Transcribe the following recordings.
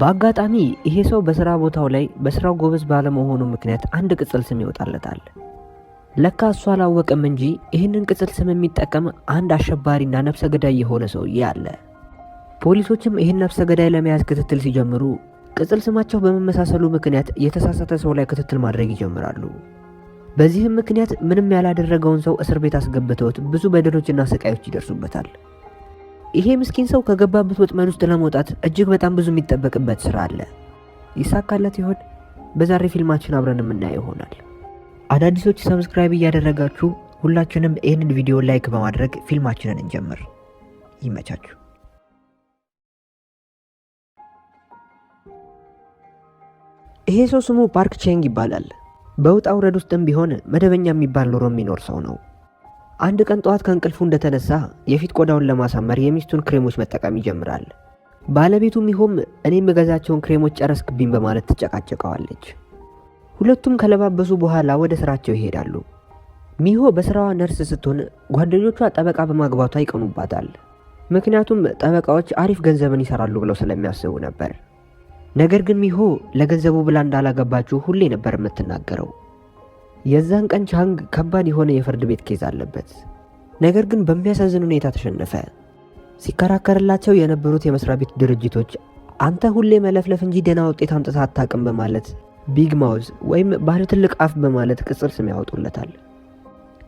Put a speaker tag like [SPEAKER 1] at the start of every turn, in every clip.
[SPEAKER 1] በአጋጣሚ ይሄ ሰው በስራ ቦታው ላይ በስራው ጎበዝ ባለመሆኑ ምክንያት አንድ ቅጽል ስም ይወጣለታል። ለካ እሱ አላወቅም እንጂ ይህንን ቅጽል ስም የሚጠቀም አንድ አሸባሪና ነፍሰ ገዳይ የሆነ ሰውዬ አለ። ፖሊሶችም ይህን ነፍሰ ገዳይ ለመያዝ ክትትል ሲጀምሩ ቅጽል ስማቸው በመመሳሰሉ ምክንያት የተሳሳተ ሰው ላይ ክትትል ማድረግ ይጀምራሉ። በዚህም ምክንያት ምንም ያላደረገውን ሰው እስር ቤት አስገብተውት ብዙ በደሎችና ስቃዮች ይደርሱበታል። ይሄ ምስኪን ሰው ከገባበት ወጥመድ ውስጥ ለመውጣት እጅግ በጣም ብዙ የሚጠበቅበት ስራ አለ። ይሳካለት ይሆን? በዛሬ ፊልማችን አብረን የምናየው ይሆናል። አዳዲሶች ሰብስክራይብ እያደረጋችሁ ሁላችንም ይህንን ቪዲዮ ላይክ በማድረግ ፊልማችንን እንጀምር። ይመቻችሁ። ይሄ ሰው ስሙ ፓርክ ቼንግ ይባላል። በውጣ ውረድ ውስጥም ቢሆን መደበኛ የሚባል ኑሮ የሚኖር ሰው ነው። አንድ ቀን ጠዋት ከእንቅልፉ እንደተነሳ የፊት ቆዳውን ለማሳመር የሚስቱን ክሬሞች መጠቀም ይጀምራል። ባለቤቱ ሚሆም እኔ የምገዛቸውን ክሬሞች ጨረስክብኝ በማለት ትጨቃጨቀዋለች። ሁለቱም ከለባበሱ በኋላ ወደ ስራቸው ይሄዳሉ። ሚሆ በስራዋ ነርስ ስትሆን ጓደኞቿ ጠበቃ በማግባቷ ይቀኑባታል። ምክንያቱም ጠበቃዎች አሪፍ ገንዘብን ይሰራሉ ብለው ስለሚያስቡ ነበር። ነገር ግን ሚሆ ለገንዘቡ ብላ እንዳላገባችሁ ሁሌ ነበር የምትናገረው። የዛን ቀን ቻንግ ከባድ የሆነ የፍርድ ቤት ኬዝ አለበት። ነገር ግን በሚያሳዝን ሁኔታ ተሸነፈ። ሲከራከርላቸው የነበሩት የመስሪያ ቤት ድርጅቶች አንተ ሁሌ መለፍለፍ እንጂ ደህና ውጤት አምጥታ አታውቅም በማለት ቢግ ማውዝ ወይም ባለ ትልቅ አፍ በማለት ቅጽል ስም ያወጡለታል።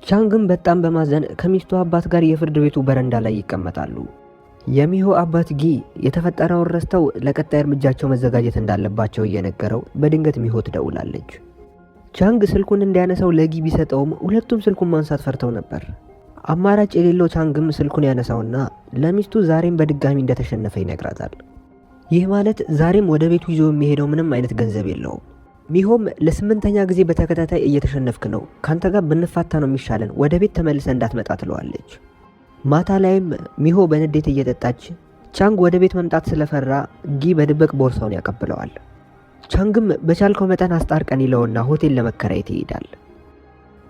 [SPEAKER 1] ቻንግም በጣም በማዘን ከሚስቱ አባት ጋር የፍርድ ቤቱ በረንዳ ላይ ይቀመጣሉ። የሚሆ አባት ጊ የተፈጠረውን ረስተው ለቀጣይ እርምጃቸው መዘጋጀት እንዳለባቸው እየነገረው በድንገት ሚሆ ትደውላለች። ቻንግ ስልኩን እንዲያነሳው ለጊ ቢሰጠውም ሁለቱም ስልኩን ማንሳት ፈርተው ነበር። አማራጭ የሌለው ቻንግም ስልኩን ያነሳውና ለሚስቱ ዛሬም በድጋሚ እንደተሸነፈ ይነግራታል። ይህ ማለት ዛሬም ወደ ቤቱ ይዞ የሚሄደው ምንም አይነት ገንዘብ የለውም። ሚሆም ለስምንተኛ ጊዜ በተከታታይ እየተሸነፍክ ነው፣ ካንተ ጋር ብንፋታ ነው የሚሻለን፣ ወደ ቤት ተመልሰ እንዳትመጣ ትለዋለች። ማታ ላይም ሚሆ በንዴት እየጠጣች ቻንግ ወደ ቤት መምጣት ስለፈራ ጊ በድብቅ ቦርሳውን ያቀብለዋል። ቻንግም በቻልከው መጠን አስጣርቀን ይለውና ሆቴል ለመከራየት ይሄዳል።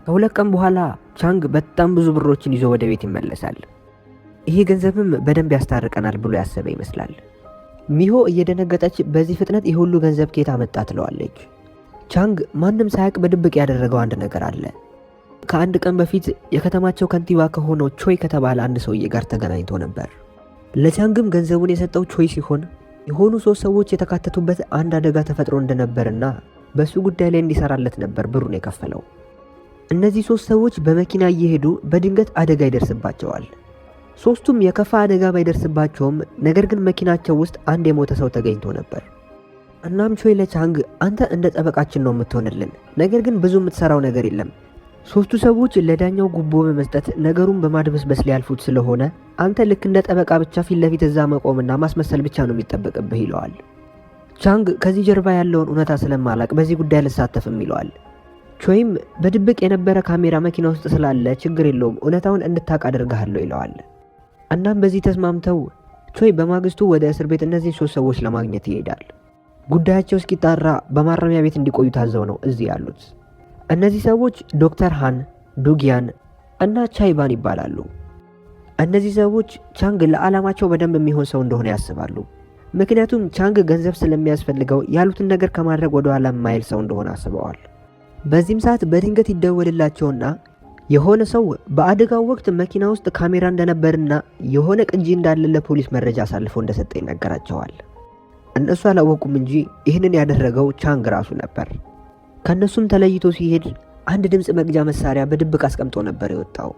[SPEAKER 1] ከሁለት ቀን በኋላ ቻንግ በጣም ብዙ ብሮችን ይዞ ወደ ቤት ይመለሳል። ይሄ ገንዘብም በደንብ ያስታርቀናል ብሎ ያሰበ ይመስላል። ሚሆ እየደነገጠች በዚህ ፍጥነት የሁሉ ገንዘብ ኬታ መጣ ትለዋለች። ቻንግ ማንም ሳያውቅ በድብቅ ያደረገው አንድ ነገር አለ። ከአንድ ቀን በፊት የከተማቸው ከንቲባ ከሆነው ቾይ ከተባለ አንድ ሰውዬ ጋር ተገናኝቶ ነበር። ለቻንግም ገንዘቡን የሰጠው ቾይ ሲሆን የሆኑ ሶስት ሰዎች የተካተቱበት አንድ አደጋ ተፈጥሮ እንደነበርና በእሱ ጉዳይ ላይ እንዲሰራለት ነበር ብሩን የከፈለው። እነዚህ ሶስት ሰዎች በመኪና እየሄዱ በድንገት አደጋ ይደርስባቸዋል። ሶስቱም የከፋ አደጋ ባይደርስባቸውም ነገር ግን መኪናቸው ውስጥ አንድ የሞተ ሰው ተገኝቶ ነበር። እናም ቾይ ለቻንግ አንተ እንደ ጠበቃችን ነው የምትሆንልን፣ ነገር ግን ብዙ የምትሰራው ነገር የለም ሶስቱ ሰዎች ለዳኛው ጉቦ በመስጠት ነገሩን በማድበስበስ ሊያልፉት ስለሆነ አንተ ልክ እንደ ጠበቃ ብቻ ፊት ለፊት እዛ መቆምና ማስመሰል ብቻ ነው የሚጠበቅብህ ይለዋል። ቻንግ ከዚህ ጀርባ ያለውን እውነታ ስለማላቅ በዚህ ጉዳይ አልሳተፍም ይለዋል። ቾይም በድብቅ የነበረ ካሜራ መኪና ውስጥ ስላለ ችግር የለውም እውነታውን እንድታቅ አድርግሃለሁ ይለዋል። እናም በዚህ ተስማምተው ቾይ በማግስቱ ወደ እስር ቤት እነዚህን ሶስት ሰዎች ለማግኘት ይሄዳል። ጉዳያቸው እስኪጣራ በማረሚያ ቤት እንዲቆዩ ታዘው ነው እዚህ ያሉት። እነዚህ ሰዎች ዶክተር ሃን ዱጊያን እና ቻይባን ይባላሉ። እነዚህ ሰዎች ቻንግ ለዓላማቸው በደንብ የሚሆን ሰው እንደሆነ ያስባሉ። ምክንያቱም ቻንግ ገንዘብ ስለሚያስፈልገው ያሉትን ነገር ከማድረግ ወደ ኋላ የማይል ሰው እንደሆነ አስበዋል። በዚህም ሰዓት በድንገት ይደወልላቸውና የሆነ ሰው በአደጋው ወቅት መኪና ውስጥ ካሜራ እንደነበርና የሆነ ቅጂ እንዳለ ለፖሊስ መረጃ አሳልፎ እንደሰጠ ይነገራቸዋል። እነሱ አላወቁም እንጂ ይህንን ያደረገው ቻንግ ራሱ ነበር። ከእነሱም ተለይቶ ሲሄድ አንድ ድምፅ መቅጃ መሳሪያ በድብቅ አስቀምጦ ነበር የወጣው።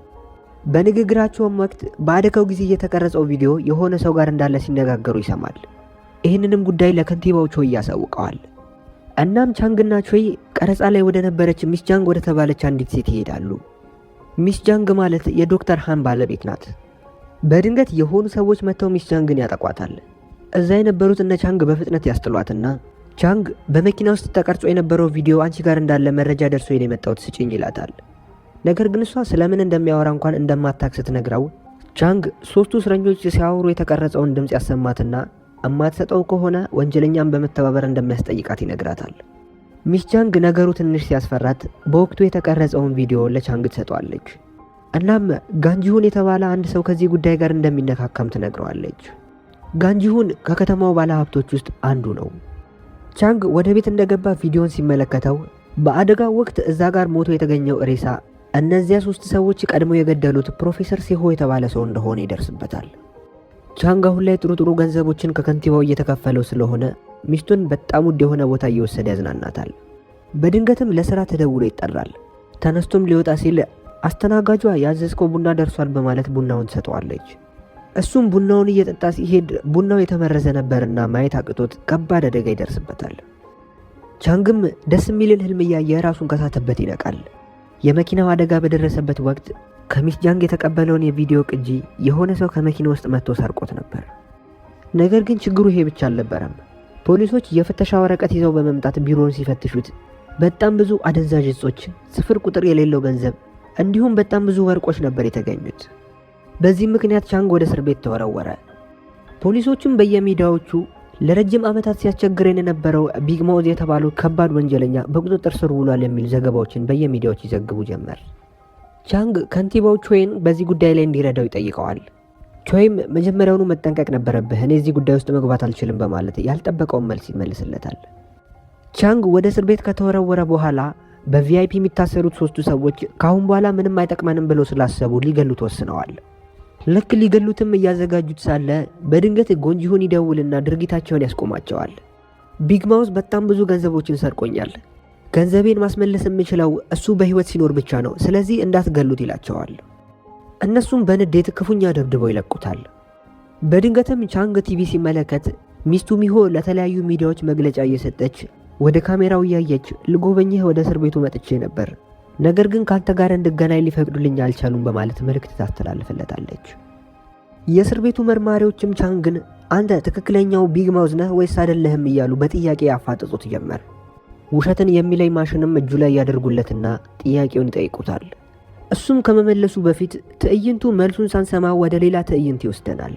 [SPEAKER 1] በንግግራቸውም ወቅት በአደጋው ጊዜ እየተቀረጸው ቪዲዮ የሆነ ሰው ጋር እንዳለ ሲነጋገሩ ይሰማል። ይህንንም ጉዳይ ለከንቲባው ቾይ ያሳውቀዋል። እናም ቻንግና ቾይ ቀረጻ ላይ ወደ ነበረች ሚስ ጃንግ ወደ ተባለች አንዲት ሴት ይሄዳሉ። ሚስ ጃንግ ማለት የዶክተር ሃን ባለቤት ናት። በድንገት የሆኑ ሰዎች መጥተው ሚስ ጃንግን ያጠቋታል። እዛ የነበሩት እነ ቻንግ በፍጥነት ያስጥሏትና ቻንግ በመኪና ውስጥ ተቀርጾ የነበረው ቪዲዮ አንቺ ጋር እንዳለ መረጃ ደርሶ ነው የመጣሁት ስጭኝ ይላታል። ነገር ግን እሷ ስለምን እንደሚያወራ እንኳን እንደማታውቅ ስትነግረው ቻንግ ሶስቱ እስረኞች ሲያወሩ የተቀረጸውን ድምፅ ያሰማትና እማትሰጠው ከሆነ ወንጀለኛም በመተባበር እንደሚያስጠይቃት ይነግራታል። ሚስ ቻንግ ነገሩ ትንሽ ሲያስፈራት በወቅቱ የተቀረጸውን ቪዲዮ ለቻንግ ትሰጠዋለች። እናም ጋንጂሁን የተባለ አንድ ሰው ከዚህ ጉዳይ ጋር እንደሚነካካም ትነግረዋለች። ጋንጂሁን ከከተማው ባለ ሀብቶች ውስጥ አንዱ ነው። ቻንግ ወደ ቤት እንደገባ ቪዲዮን ሲመለከተው በአደጋ ወቅት እዛ ጋር ሞቶ የተገኘው ሬሳ እነዚያ ሶስት ሰዎች ቀድሞ የገደሉት ፕሮፌሰር ሴሆ የተባለ ሰው እንደሆነ ይደርስበታል። ቻንግ አሁን ላይ ጥሩ ጥሩ ገንዘቦችን ከከንቲባው እየተከፈለው ስለሆነ ሚስቱን በጣም ውድ የሆነ ቦታ እየወሰደ ያዝናናታል። በድንገትም ለስራ ተደውሎ ይጠራል። ተነስቶም ሊወጣ ሲል አስተናጋጇ ያዘዝከው ቡና ደርሷል በማለት ቡናውን ትሰጠዋለች። እሱም ቡናውን እየጠጣ ሲሄድ ቡናው የተመረዘ ነበርና ማየት አቅቶት ከባድ አደጋ ይደርስበታል። ቻንግም ደስ የሚልን ህልም እያየ ራሱን ከሳተበት ይነቃል። የመኪናው አደጋ በደረሰበት ወቅት ከሚስ ጃንግ የተቀበለውን የቪዲዮ ቅጂ የሆነ ሰው ከመኪና ውስጥ መጥቶ ሰርቆት ነበር። ነገር ግን ችግሩ ይሄ ብቻ አልነበረም። ፖሊሶች የፍተሻ ወረቀት ይዘው በመምጣት ቢሮውን ሲፈትሹት በጣም ብዙ አደንዛዥ እጾች፣ ስፍር ቁጥር የሌለው ገንዘብ እንዲሁም በጣም ብዙ ወርቆች ነበር የተገኙት። በዚህ ምክንያት ቻንግ ወደ እስር ቤት ተወረወረ። ፖሊሶችም በየሚዲያዎቹ ለረጅም ዓመታት ሲያስቸግረን የነበረው ቢግ ማውዝ የተባለው ከባድ ወንጀለኛ በቁጥጥር ስር ውሏል የሚል ዘገባዎችን በየሚዲያዎች ይዘግቡ ጀመር። ቻንግ ከንቲባው ቾይን በዚህ ጉዳይ ላይ እንዲረዳው ይጠይቀዋል። ቾይም መጀመሪያውኑ መጠንቀቅ ነበረብህ፣ እኔ እዚህ ጉዳይ ውስጥ መግባት አልችልም በማለት ያልጠበቀውን መልስ ይመልስለታል። ቻንግ ወደ እስር ቤት ከተወረወረ በኋላ በቪአይፒ የሚታሰሩት ሶስቱ ሰዎች ከአሁን በኋላ ምንም አይጠቅመንም ብለው ስላሰቡ ሊገሉት ወስነዋል። ልክ ሊገሉትም እያዘጋጁት ሳለ በድንገት ጎንጂሁን ይደውልና ድርጊታቸውን ያስቆማቸዋል። ቢግ ማውስ በጣም ብዙ ገንዘቦችን ሰርቆኛል። ገንዘቤን ማስመለስ የምችለው እሱ በህይወት ሲኖር ብቻ ነው፣ ስለዚህ እንዳትገሉት ይላቸዋል። እነሱም በንዴት ክፉኛ ደብድበው ይለቁታል። በድንገትም ቻንግ ቲቪ ሲመለከት ሚስቱ ሚሆ ለተለያዩ ሚዲያዎች መግለጫ እየሰጠች ወደ ካሜራው እያየች ልጎበኝህ ወደ እስር ቤቱ መጥቼ ነበር ነገር ግን ካንተ ጋር እንድገናኝ ሊፈቅዱልኝ አልቻሉም በማለት መልእክት ታስተላልፍለታለች። የእስር ቤቱ መርማሪዎችም ቻንግን አንተ ትክክለኛው ቢግ ማውዝ ነህ ወይስ አይደለህም እያሉ በጥያቄ ያፋጠጡት ጀመር። ውሸትን የሚለይ ማሽንም እጁ ላይ ያደርጉለትና ጥያቄውን ይጠይቁታል። እሱም ከመመለሱ በፊት ትዕይንቱ መልሱን ሳንሰማ ወደ ሌላ ትዕይንት ይወስደናል።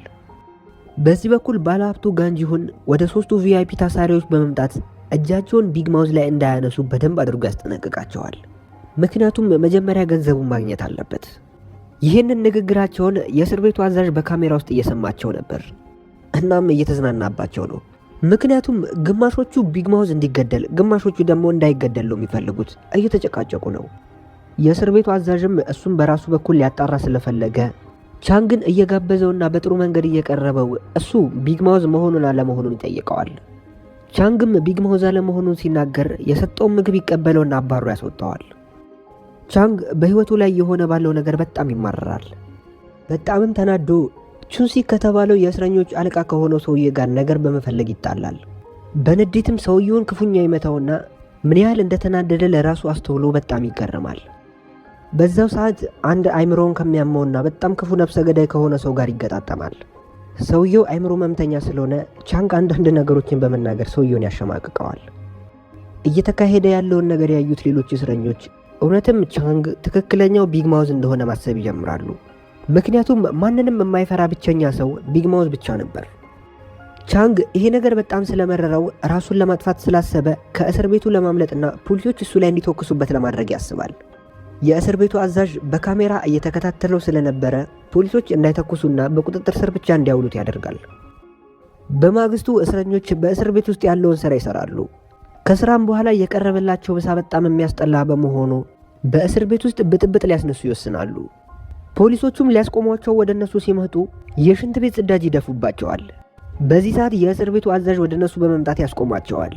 [SPEAKER 1] በዚህ በኩል ባለሀብቱ ጋንጂሁን ወደ ሶስቱ ቪአይፒ ታሳሪዎች በመምጣት እጃቸውን ቢግ ማውዝ ላይ እንዳያነሱ በደንብ አድርጎ ያስጠነቅቃቸዋል። ምክንያቱም መጀመሪያ ገንዘቡን ማግኘት አለበት። ይህንን ንግግራቸውን የእስር ቤቱ አዛዥ በካሜራ ውስጥ እየሰማቸው ነበር። እናም እየተዝናናባቸው ነው። ምክንያቱም ግማሾቹ ቢግማውዝ እንዲገደል፣ ግማሾቹ ደግሞ እንዳይገደል ነው የሚፈልጉት። እየተጨቃጨቁ ነው። የእስር ቤቱ አዛዥም እሱም በራሱ በኩል ሊያጣራ ስለፈለገ ቻንግን እየጋበዘውና በጥሩ መንገድ እየቀረበው እሱ ቢግማውዝ መሆኑን አለመሆኑን ይጠይቀዋል። ቻንግም ቢግማውዝ አለመሆኑን ሲናገር የሰጠውን ምግብ ይቀበለውና አባሩ ያስወጣዋል። ቻንግ በህይወቱ ላይ የሆነ ባለው ነገር በጣም ይማረራል። በጣምም ተናዶ ቹንሲ ከተባለው የእስረኞች አለቃ ከሆነው ሰውዬ ጋር ነገር በመፈለግ ይጣላል። በንዴትም ሰውየውን ክፉኛ ይመታውና ምን ያህል እንደተናደደ ለራሱ አስተውሎ በጣም ይገረማል። በዛው ሰዓት አንድ አይምሮውን ከሚያመውና በጣም ክፉ ነፍሰ ገዳይ ከሆነ ሰው ጋር ይገጣጠማል። ሰውየው አይምሮ መምተኛ ስለሆነ ቻንግ አንዳንድ ነገሮችን በመናገር ሰውየውን ያሸማቅቀዋል። እየተካሄደ ያለውን ነገር ያዩት ሌሎች እስረኞች እውነትም ቻንግ ትክክለኛው ቢግ ማውዝ እንደሆነ ማሰብ ይጀምራሉ። ምክንያቱም ማንንም የማይፈራ ብቸኛ ሰው ቢግ ማውዝ ብቻ ነበር። ቻንግ ይሄ ነገር በጣም ስለመረረው ራሱን ለማጥፋት ስላሰበ ከእስር ቤቱ ለማምለጥና ፖሊሶች እሱ ላይ እንዲተኩሱበት ለማድረግ ያስባል። የእስር ቤቱ አዛዥ በካሜራ እየተከታተለው ስለነበረ ፖሊሶች እንዳይተኩሱና በቁጥጥር ስር ብቻ እንዲያውሉት ያደርጋል። በማግስቱ እስረኞች በእስር ቤት ውስጥ ያለውን ስራ ይሰራሉ። ከስራም በኋላ የቀረበላቸው ምሳ በጣም የሚያስጠላ በመሆኑ በእስር ቤት ውስጥ ብጥብጥ ሊያስነሱ ይወስናሉ። ፖሊሶቹም ሊያስቆሟቸው ወደ እነሱ ሲመጡ የሽንት ቤት ጽዳጅ ይደፉባቸዋል። በዚህ ሰዓት የእስር ቤቱ አዛዥ ወደ እነሱ በመምጣት ያስቆማቸዋል።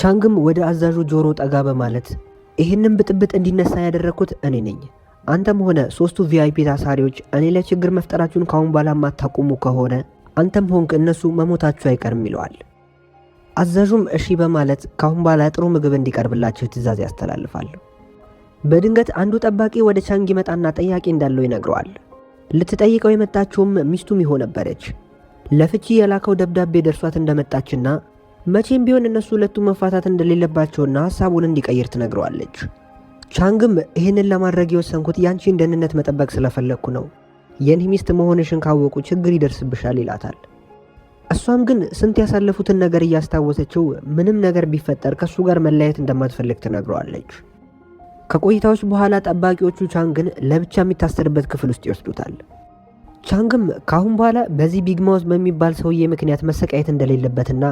[SPEAKER 1] ቻንግም ወደ አዛዡ ጆሮ ጠጋ በማለት ይህንን ብጥብጥ እንዲነሳ ያደረግኩት እኔ ነኝ። አንተም ሆነ ሶስቱ ቪአይፒ ታሳሪዎች እኔ ላይ ችግር መፍጠራችሁን ካሁን በኋላ ማታቆሙ ከሆነ አንተም ሆንክ እነሱ መሞታችሁ አይቀርም ይለዋል። አዛዡም እሺ በማለት ካሁን በኋላ ጥሩ ምግብ እንዲቀርብላቸው ትእዛዝ ያስተላልፋል። በድንገት አንዱ ጠባቂ ወደ ቻንግ ይመጣና ጠያቂ እንዳለው ይነግረዋል። ልትጠይቀው የመጣችውም ሚስቱ ሚሆ ነበረች። ለፍቺ የላከው ደብዳቤ ደርሷት እንደመጣችና መቼም ቢሆን እነሱ ሁለቱ መፋታት እንደሌለባቸውና ሀሳቡን እንዲቀይር ትነግረዋለች። ቻንግም ይህንን ለማድረግ የወሰንኩት ያንቺን ደህንነት መጠበቅ ስለፈለግኩ ነው። የኔ ሚስት መሆንሽን ካወቁ ችግር ይደርስብሻል ይላታል። እሷም ግን ስንት ያሳለፉትን ነገር እያስታወሰችው ምንም ነገር ቢፈጠር ከእሱ ጋር መለያየት እንደማትፈልግ ትነግረዋለች። ከቆይታዎች በኋላ ጠባቂዎቹ ቻንግን ለብቻ የሚታሰርበት ክፍል ውስጥ ይወስዱታል። ቻንግም ከአሁን በኋላ በዚህ ቢግ ማውዝ በሚባል ሰውዬ ምክንያት መሰቃየት እንደሌለበትና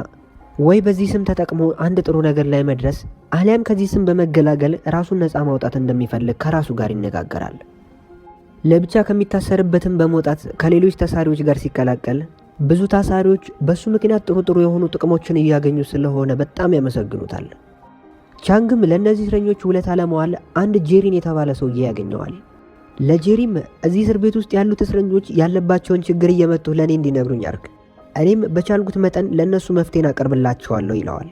[SPEAKER 1] ወይ በዚህ ስም ተጠቅሞ አንድ ጥሩ ነገር ላይ መድረስ አሊያም ከዚህ ስም በመገላገል ራሱን ነፃ ማውጣት እንደሚፈልግ ከራሱ ጋር ይነጋገራል። ለብቻ ከሚታሰርበትም በመውጣት ከሌሎች ተሳሪዎች ጋር ሲቀላቀል ብዙ ታሳሪዎች በሱ ምክንያት ጥሩ ጥሩ የሆኑ ጥቅሞችን እያገኙ ስለሆነ በጣም ያመሰግኑታል። ቻንግም ለእነዚህ እስረኞች ውለታ ለመዋል አንድ ጄሪን የተባለ ሰውዬ ያገኘዋል። ለጄሪም እዚህ እስር ቤት ውስጥ ያሉት እስረኞች ያለባቸውን ችግር እየመጡ ለእኔ እንዲነግሩኝ አርግ፣ እኔም በቻልኩት መጠን ለእነሱ መፍትሄን አቀርብላቸዋለሁ ይለዋል።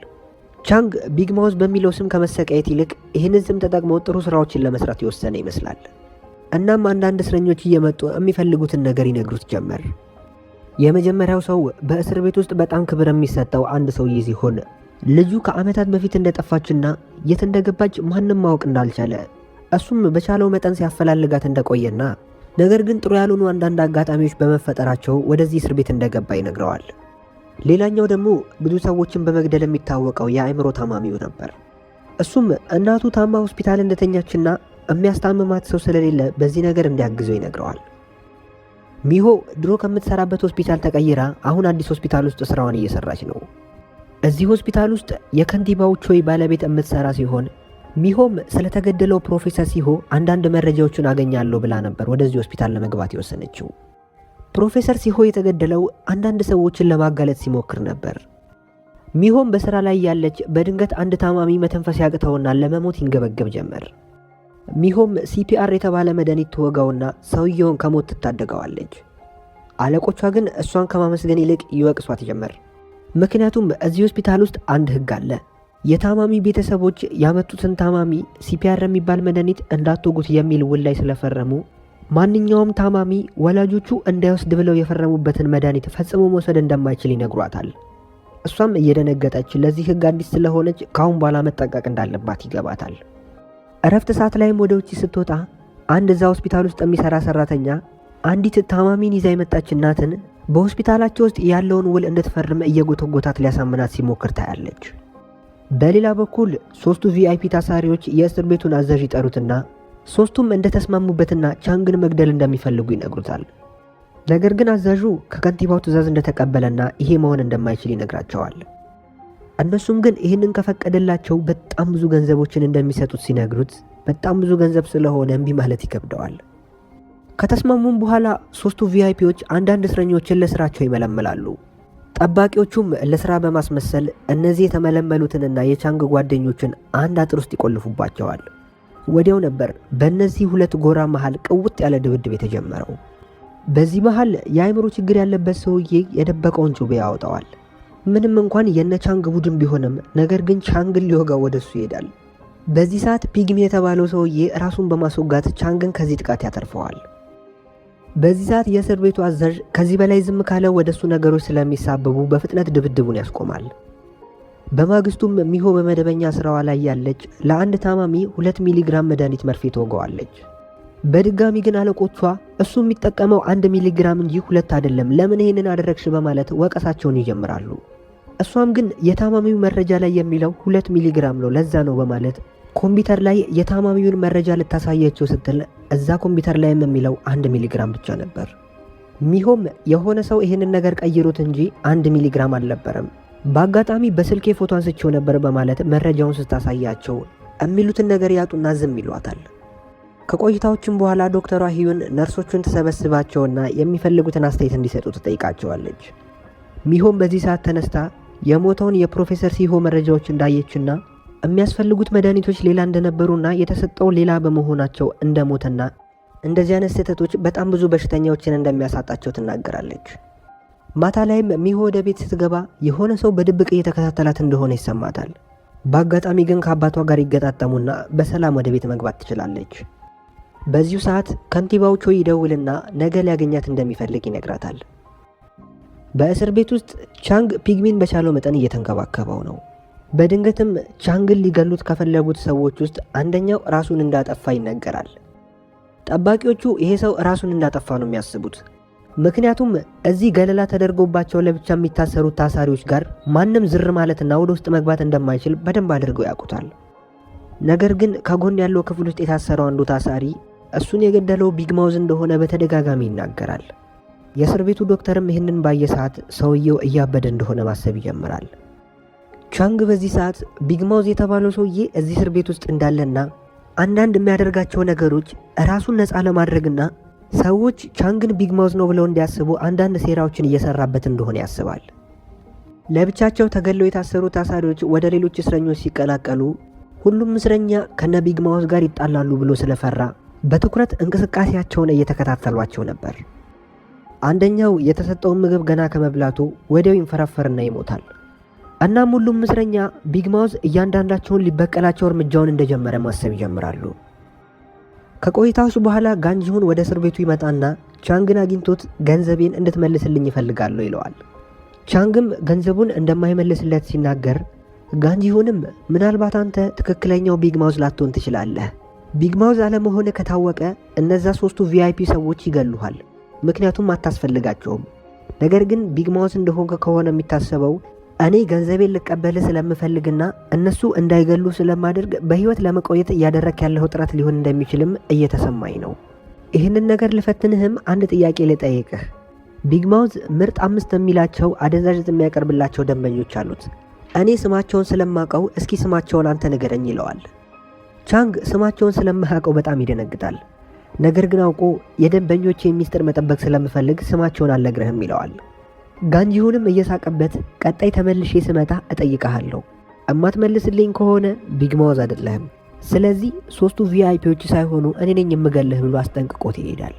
[SPEAKER 1] ቻንግ ቢግ ማውዝ በሚለው ስም ከመሰቃየት ይልቅ ይህንን ስም ተጠቅሞ ጥሩ ስራዎችን ለመስራት የወሰነ ይመስላል። እናም አንዳንድ እስረኞች እየመጡ የሚፈልጉትን ነገር ይነግሩት ጀመር። የመጀመሪያው ሰው በእስር ቤት ውስጥ በጣም ክብር የሚሰጠው አንድ ሰውዬ ሲሆን ልጁ ከዓመታት በፊት እንደጠፋችና የት እንደገባች ማንም ማወቅ እንዳልቻለ እሱም በቻለው መጠን ሲያፈላልጋት እንደቆየና ነገር ግን ጥሩ ያልሆኑ አንዳንድ አጋጣሚዎች በመፈጠራቸው ወደዚህ እስር ቤት እንደገባ ይነግረዋል። ሌላኛው ደግሞ ብዙ ሰዎችን በመግደል የሚታወቀው የአእምሮ ታማሚው ነበር። እሱም እናቱ ታማ ሆስፒታል እንደተኛችና የሚያስታምማት ሰው ስለሌለ በዚህ ነገር እንዲያግዘው ይነግረዋል። ሚሆ ድሮ ከምትሰራበት ሆስፒታል ተቀይራ አሁን አዲስ ሆስፒታል ውስጥ ስራዋን እየሰራች ነው። እዚህ ሆስፒታል ውስጥ የከንቲባው ቾይ ባለቤት የምትሰራ ሲሆን ሚሆም ስለተገደለው ፕሮፌሰር ሲሆ አንዳንድ መረጃዎችን አገኛለሁ ብላ ነበር ወደዚህ ሆስፒታል ለመግባት የወሰነችው። ፕሮፌሰር ሲሆ የተገደለው አንዳንድ ሰዎችን ለማጋለጥ ሲሞክር ነበር። ሚሆም በስራ ላይ ያለች በድንገት አንድ ታማሚ መተንፈስ ያቅተውና ለመሞት ይንገበገብ ጀመር። ሚሆም ሲፒአር የተባለ መድኃኒት ትወጋውና ሰውየውን ከሞት ትታደገዋለች። አለቆቿ ግን እሷን ከማመስገን ይልቅ ይወቅሷት ጀመር። ምክንያቱም እዚህ ሆስፒታል ውስጥ አንድ ህግ አለ። የታማሚ ቤተሰቦች ያመጡትን ታማሚ ሲፒአር የሚባል መድኃኒት እንዳትወጉት የሚል ውል ላይ ስለፈረሙ ማንኛውም ታማሚ ወላጆቹ እንዳይወስድ ብለው የፈረሙበትን መድኃኒት ፈጽሞ መውሰድ እንደማይችል ይነግሯታል። እሷም እየደነገጠች ለዚህ ህግ አዲስ ስለሆነች ከአሁን በኋላ መጠንቀቅ እንዳለባት ይገባታል። እረፍት ሰዓት ላይም ወደ ውጭ ስትወጣ አንድ እዛ ሆስፒታል ውስጥ የሚሰራ ሰራተኛ አንዲት ታማሚን ይዛ የመጣች እናትን በሆስፒታላቸው ውስጥ ያለውን ውል እንድትፈርም እየጎተጎታት ሊያሳምናት ሲሞክር ታያለች። በሌላ በኩል ሶስቱ ቪአይፒ ታሳሪዎች የእስር ቤቱን አዛዥ ይጠሩትና ሶስቱም እንደተስማሙበትና ቻንግን መግደል እንደሚፈልጉ ይነግሩታል። ነገር ግን አዛዡ ከከንቲባው ትዕዛዝ እንደተቀበለና ይሄ መሆን እንደማይችል ይነግራቸዋል። እነሱም ግን ይህንን ከፈቀደላቸው በጣም ብዙ ገንዘቦችን እንደሚሰጡት ሲነግሩት በጣም ብዙ ገንዘብ ስለሆነ እምቢ ማለት ይከብደዋል። ከተስማሙም በኋላ ሶስቱ ቪአይፒዎች አንዳንድ እስረኞችን ለስራቸው ይመለምላሉ። ጠባቂዎቹም ለስራ በማስመሰል እነዚህ የተመለመሉትንና የቻንግ ጓደኞችን አንድ አጥር ውስጥ ይቆልፉባቸዋል። ወዲያው ነበር በእነዚህ ሁለት ጎራ መሃል ቅውጥ ያለ ድብድብ የተጀመረው። በዚህ መሃል የአእምሮ ችግር ያለበት ሰውዬ የደበቀውን ጩቤ ያወጣዋል። ምንም እንኳን የነ ቻንግ ቡድን ቢሆንም ነገር ግን ቻንግን ሊወጋ ወደሱ ይሄዳል። በዚህ ሰዓት ፒግሚ የተባለው ሰውዬ ራሱን በማስወጋት ቻንግን ከዚህ ጥቃት ያተርፈዋል። በዚህ ሰዓት የእስር ቤቱ አዛዥ ከዚህ በላይ ዝም ካለ ወደሱ ነገሮች ስለሚሳበቡ በፍጥነት ድብድቡን ያስቆማል። በማግስቱም ሚሆ በመደበኛ ስራዋ ላይ ያለች ለአንድ ታማሚ ሁለት ሚሊግራም መድኃኒት መርፌ ትወገዋለች። በድጋሚ ግን አለቆቿ እሱ የሚጠቀመው አንድ ሚሊግራም እንጂ ሁለት አይደለም፣ ለምን ይህንን አደረግሽ በማለት ወቀሳቸውን ይጀምራሉ። እሷም ግን የታማሚው መረጃ ላይ የሚለው ሁለት ሚሊግራም ነው ለዛ ነው በማለት ኮምፒውተር ላይ የታማሚውን መረጃ ልታሳየችው ስትል እዛ ኮምፒውተር ላይም የሚለው አንድ ሚሊግራም ብቻ ነበር። ሚሆም የሆነ ሰው ይህንን ነገር ቀይሩት እንጂ አንድ ሚሊግራም አልነበረም፣ በአጋጣሚ በስልኬ ፎቶ አንስቼው ነበር በማለት መረጃውን ስታሳያቸው የሚሉትን ነገር ያጡና ዝም ይሏታል። ከቆይታዎችም በኋላ ዶክተሯ ሂዩን ነርሶቹን ተሰበስባቸውና የሚፈልጉትን አስተያየት እንዲሰጡ ትጠይቃቸዋለች። ሚሆም በዚህ ሰዓት ተነስታ የሞተውን የፕሮፌሰር ሲሆ መረጃዎች እንዳየችና የሚያስፈልጉት መድኃኒቶች ሌላ እንደነበሩና የተሰጠው ሌላ በመሆናቸው እንደሞተና እንደዚህ አይነት ስህተቶች በጣም ብዙ በሽተኛዎችን እንደሚያሳጣቸው ትናገራለች። ማታ ላይም ሚሆ ወደ ቤት ስትገባ የሆነ ሰው በድብቅ እየተከታተላት እንደሆነ ይሰማታል። በአጋጣሚ ግን ከአባቷ ጋር ይገጣጠሙና በሰላም ወደ ቤት መግባት ትችላለች። በዚሁ ሰዓት ከንቲባዎቹ ይደውልና ነገ ሊያገኛት እንደሚፈልግ ይነግራታል። በእስር ቤት ውስጥ ቻንግ ፒግሚን በቻለው መጠን እየተንከባከበው ነው። በድንገትም ቻንግን ሊገሉት ከፈለጉት ሰዎች ውስጥ አንደኛው ራሱን እንዳጠፋ ይነገራል። ጠባቂዎቹ ይሄ ሰው ራሱን እንዳጠፋ ነው የሚያስቡት። ምክንያቱም እዚህ ገለላ ተደርጎባቸው ለብቻ የሚታሰሩት ታሳሪዎች ጋር ማንም ዝር ማለትና ወደ ውስጥ መግባት እንደማይችል በደንብ አድርገው ያውቁታል። ነገር ግን ከጎን ያለው ክፍል ውስጥ የታሰረው አንዱ ታሳሪ እሱን የገደለው ቢግ ማውዝ እንደሆነ በተደጋጋሚ ይናገራል። የእስር ቤቱ ዶክተርም ይህንን ባየ ሰዓት ሰውየው እያበደ እንደሆነ ማሰብ ይጀምራል። ቻንግ በዚህ ሰዓት ቢግማውዝ የተባለው ሰውዬ እዚህ እስር ቤት ውስጥ እንዳለና አንዳንድ የሚያደርጋቸው ነገሮች ራሱን ነፃ ለማድረግና ሰዎች ቻንግን ቢግማውዝ ነው ብለው እንዲያስቡ አንዳንድ ሴራዎችን እየሰራበት እንደሆነ ያስባል። ለብቻቸው ተገለው የታሰሩ ታሳሪዎች ወደ ሌሎች እስረኞች ሲቀላቀሉ ሁሉም እስረኛ ከነ ቢግማውዝ ጋር ይጣላሉ ብሎ ስለፈራ በትኩረት እንቅስቃሴያቸውን እየተከታተሏቸው ነበር። አንደኛው የተሰጠውን ምግብ ገና ከመብላቱ ወዲያው ይንፈራፈርና ይሞታል። እናም ሁሉም እስረኛ ቢግ ማውዝ እያንዳንዳቸውን ሊበቀላቸው እርምጃውን እንደጀመረ ማሰብ ይጀምራሉ። ከቆይታሱ በኋላ ጋንጂሁን ወደ እስር ቤቱ ይመጣና ቻንግን አግኝቶት ገንዘቤን እንድትመልስልኝ ይፈልጋለሁ ይለዋል። ቻንግም ገንዘቡን እንደማይመልስለት ሲናገር ጋንጂሁንም ምናልባት አንተ ትክክለኛው ቢግ ማውዝ ላትሆን ትችላለህ። ቢግ ማውዝ አለመሆን ከታወቀ እነዛ ሶስቱ ቪአይፒ ሰዎች ይገሉሃል ምክንያቱም አታስፈልጋቸውም። ነገር ግን ቢግ ማውስ እንደሆንክ ከሆነ የሚታሰበው እኔ ገንዘቤን ልቀበል ስለምፈልግና እነሱ እንዳይገሉ ስለማደርግ በህይወት ለመቆየት እያደረክ ያለው ጥረት ሊሆን እንደሚችልም እየተሰማኝ ነው። ይህንን ነገር ልፈትንህም አንድ ጥያቄ ልጠይቅህ። ቢግ ማውዝ ምርጥ አምስት የሚላቸው አደንዛዥ ዕፅ የሚያቀርብላቸው ደንበኞች አሉት። እኔ ስማቸውን ስለማቀው እስኪ ስማቸውን አንተ ንገረኝ ይለዋል። ቻንግ ስማቸውን ስለማያውቀው በጣም ይደነግጣል። ነገር ግን አውቆ የደንበኞች የሚስጥር መጠበቅ ስለምፈልግ ስማቸውን አልነግርህም ይለዋል። ጋንጂሁንም እየሳቀበት ቀጣይ ተመልሼ ስመጣ እጠይቀሃለሁ እማትመልስልኝ ከሆነ ቢግማውዝ አይደለህም። ስለዚህ ሶስቱ ቪአይፒዎች ሳይሆኑ እኔ ነኝ የምገልህ ብሎ አስጠንቅቆት ይሄዳል።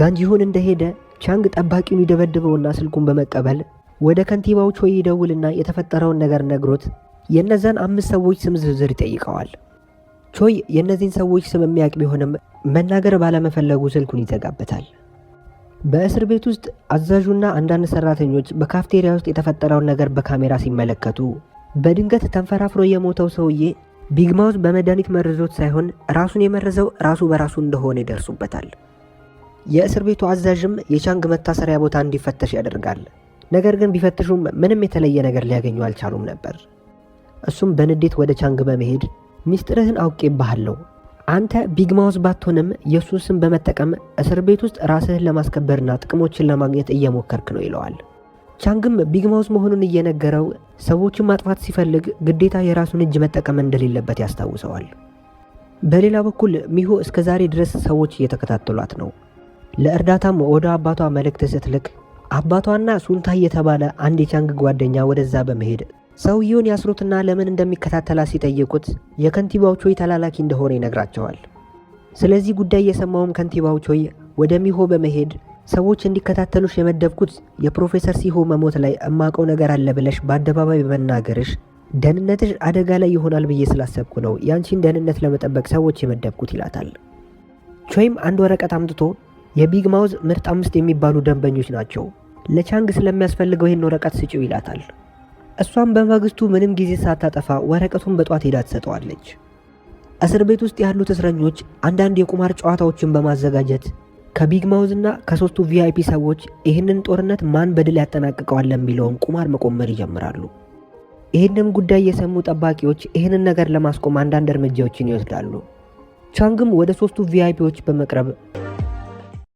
[SPEAKER 1] ጋንጂሁን እንደሄደ ቻንግ ጠባቂውን ይደበድበውና ስልኩን በመቀበል ወደ ከንቲባዎች ሆይ ይደውልና የተፈጠረውን ነገር ነግሮት የእነዛን አምስት ሰዎች ስም ዝርዝር ይጠይቀዋል። ቾይ የእነዚህን ሰዎች ስም የሚያውቅ ቢሆንም መናገር ባለመፈለጉ ስልኩን ይዘጋበታል። በእስር ቤት ውስጥ አዛዡና አንዳንድ ሰራተኞች በካፍቴሪያ ውስጥ የተፈጠረውን ነገር በካሜራ ሲመለከቱ በድንገት ተንፈራፍሮ የሞተው ሰውዬ ቢግማውዝ በመድኃኒት መርዞት ሳይሆን ራሱን የመረዘው ራሱ በራሱ እንደሆነ ይደርሱበታል። የእስር ቤቱ አዛዥም የቻንግ መታሰሪያ ቦታ እንዲፈተሽ ያደርጋል። ነገር ግን ቢፈትሹም ምንም የተለየ ነገር ሊያገኙ አልቻሉም ነበር። እሱም በንዴት ወደ ቻንግ በመሄድ ሚስጥርህን አውቄብሃለሁ። አንተ ቢግ ማውስ ባትሆንም የሱን ስም በመጠቀም እስር ቤት ውስጥ ራስህን ለማስከበርና ጥቅሞችን ለማግኘት እየሞከርክ ነው ይለዋል። ቻንግም ቢግ ማውስ መሆኑን እየነገረው ሰዎችን ማጥፋት ሲፈልግ ግዴታ የራሱን እጅ መጠቀም እንደሌለበት ያስታውሰዋል። በሌላ በኩል ሚሆ እስከ ዛሬ ድረስ ሰዎች እየተከታተሏት ነው። ለእርዳታም ወደ አባቷ መልእክት ስትልክ አባቷና ሱንታ የተባለ አንድ የቻንግ ጓደኛ ወደዛ በመሄድ ሰውየውን ያስሩትና ለምን እንደሚከታተላ ሲጠይቁት የከንቲባው ቾይ ተላላኪ እንደሆነ ይነግራቸዋል። ስለዚህ ጉዳይ የሰማውም ከንቲባው ቾይ ወደ ሚሆ በመሄድ ሰዎች እንዲከታተሉሽ የመደብኩት የፕሮፌሰር ሲሆ መሞት ላይ እማቀው ነገር አለ ብለሽ በአደባባይ በመናገርሽ ደህንነትሽ አደጋ ላይ ይሆናል ብዬ ስላሰብኩ ነው ያንቺን ደህንነት ለመጠበቅ ሰዎች የመደብኩት ይላታል። ቾይም አንድ ወረቀት አምጥቶ የቢግ ማውዝ ምርጥ አምስት የሚባሉ ደንበኞች ናቸው፣ ለቻንግ ስለሚያስፈልገው ይህን ወረቀት ስጪው ይላታል። እሷም በማግስቱ ምንም ጊዜ ሳታጠፋ ወረቀቱን በጧት ሄዳ ትሰጠዋለች። እስር ቤት ውስጥ ያሉት እስረኞች አንዳንድ የቁማር ጨዋታዎችን በማዘጋጀት ከቢግ ማውዝና ከሶስቱ ቪአይፒ ሰዎች ይህንን ጦርነት ማን በድል ያጠናቅቀዋል የሚለውን ቁማር መቆመር ይጀምራሉ። ይህንም ጉዳይ የሰሙ ጠባቂዎች ይህንን ነገር ለማስቆም አንዳንድ እርምጃዎችን ይወስዳሉ። ቻንግም ወደ ሶስቱ ቪአይፒዎች በመቅረብ